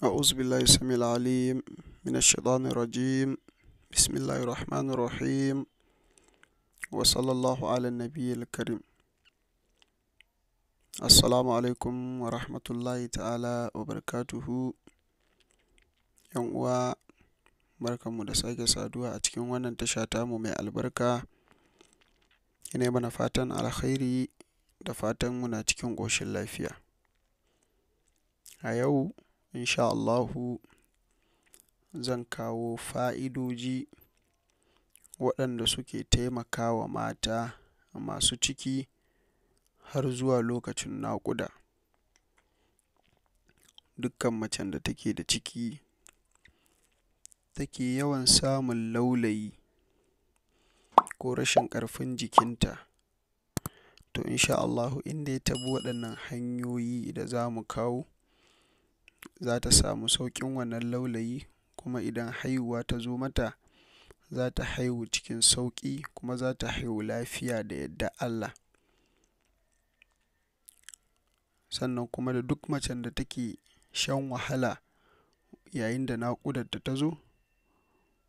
أعوذ بالله السميع العليم من الشيطان الرجيم بسم الله الرحمن الرحيم وصلى الله على النبي الكريم السلام عليكم ورحمة الله تعالى وبركاته yan uwa barkanmu da sake saduwa a cikin wannan tasha tamu mai albarka ina mana fatan alkhairi da fatan muna cikin ƙoshin lafiya a yau insha Allahu zan kawo fa'idoji waɗanda suke taimakawa mata masu ciki har zuwa lokacin naƙuda. Dukkan macen da take da ciki take yawan samun laulayi ko rashin ƙarfin jikinta, to insha Allahu in dai ta waɗannan hanyoyi da za mu kawo za ta samu sauƙin wannan laulayi kuma idan haihuwa ta zo mata za ta haihu cikin sauƙi kuma za ta haihu lafiya da yadda Allah. Sannan kuma da duk macen da take shan wahala yayin da naƙudarta ta zo,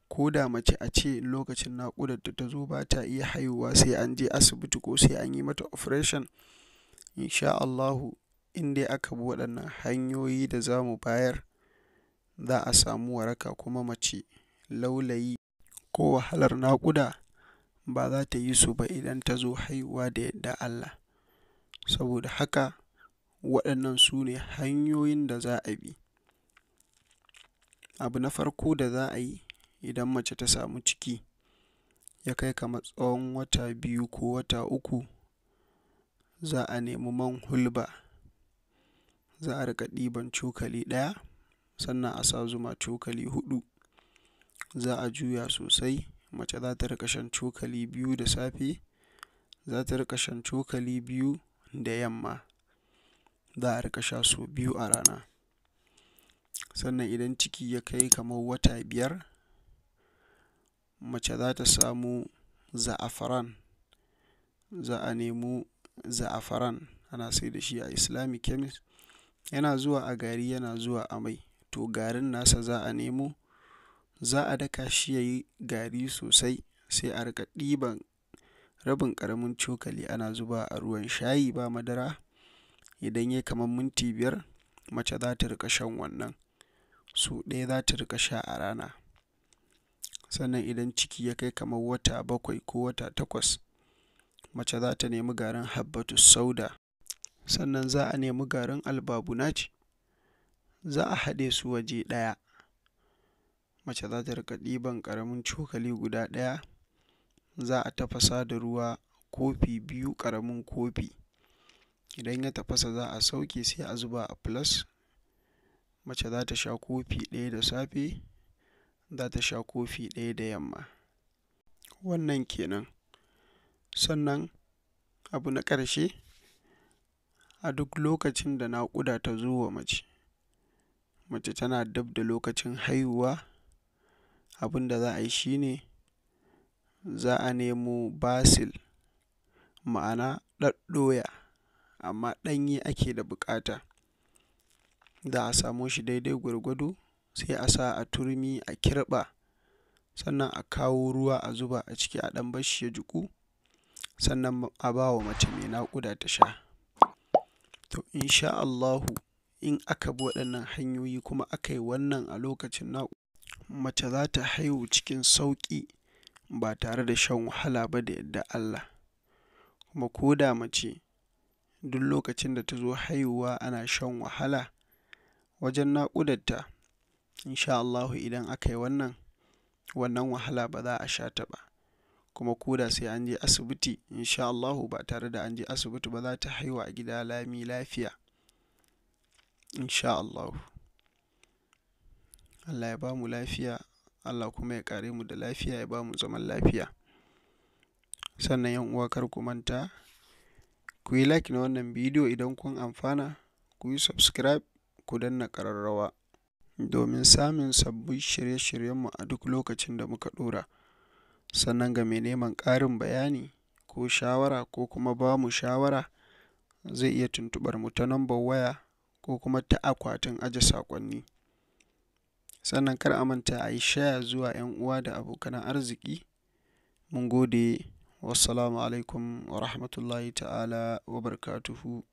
ko da mace a ce lokacin naƙudarta ta zo ba ta iya haihuwa sai an je asibiti ko sai an yi mata operation, in Allahu in dai aka bi waɗannan hanyoyi da za mu bayar, za a samu waraka kuma mace laulayi ko wahalar naƙuda ba za ta yi su ba idan ta zo haihuwa da yadda Allah. Saboda haka, waɗannan su ne hanyoyin da za a bi. Abu na farko da za a yi idan mace ta samu ciki ya kai kamar tsawon wata biyu ko wata uku, za a nemi man hulba. za a riƙa ɗiban cokali ɗaya sannan a sa zuma cokali huɗu. Za a juya sosai, mace za ta riƙa shan cokali biyu da safe, za ta riƙa shan cokali biyu da yamma. Za a riƙa sha sau biyu a rana. Sannan idan ciki ya kai kamar wata biyar, mace za ta samu za'afaran, za a nemo za'afaran ana sai da shi a Islamic chemist. Yana zuwa a gari yana zuwa a mai. To garin nasa za a nemo, za a daka shi yi gari sosai sai a rika ɗiban rabin ƙaramin cokali ana zuba a ruwan shayi ba madara. Idan ya kamar minti biyar mace za ta riƙa shan wannan. su ɗaya za ta riƙa sha a rana. Sannan idan ciki ya kai kamar wata bakwai ko wata takwas mace za ta nemi garin habbatus sauda sannan za a nemi garin albabunaci za a haɗe su waje ɗaya mace za ta riƙa ɗiban ƙaramin cokali guda ɗaya za a tafasa da ruwa kofi biyu ƙaramin kofi idan ya tafasa za a sauke sai a zuba a plus mace za ta sha kofi ɗaya da safe za ta sha kofi ɗaya da yamma wannan kenan sannan abu na ƙarshe A duk lokacin da naƙuda ta zo wa mace, mace tana dab da lokacin haihuwa, abin da za a yi shi ne za a nemo basil, ma'ana ɗan ɗoya amma ɗanye ake da buƙata. Za a samo shi daidai gwargwado, sai a sa a turmi a kirɓa, sannan a kawo ruwa a zuba a ciki a ɗan bashi ya jiƙu, sannan a ba wa mace mai naƙuda ta sha. To insha Allahu in aka bi waɗannan hanyoyi kuma aka yi wannan a lokacin na mace za ta haihu cikin sauƙi ba tare da shan wahala ba da yadda Allah. Kuma ko da mace duk lokacin da ta zo haihuwa ana shan wahala wajen naƙudarta, insha Allahu idan aka yi wannan, wannan wahala ba za a sha ta ba. kuma ko da sai an je asibiti insha Allahu ba tare da an je asibiti ba za ta haihu a gida lami lafiya insha Allahu Allah ya ba mu lafiya Allah kuma ya kare mu da lafiya ya ba mu zaman lafiya sannan yan uwa kar ku manta ku yi like na wannan bidiyo idan kun amfana ku yi subscribe ku danna ƙararrawa domin samun sabbin shirye-shiryenmu a duk lokacin da muka ɗora. Sannan ga mai neman ƙarin bayani ko shawara ko kuma ba mu shawara zai iya tuntuɓar mu ta lambar waya ko kuma ta akwatin aje sakonni Sannan kar a manta a yi shaya zuwa 'yan uwa da abokan arziki. Mun gode. Wassalamu alaikum wa ta'ala wa barkatuhu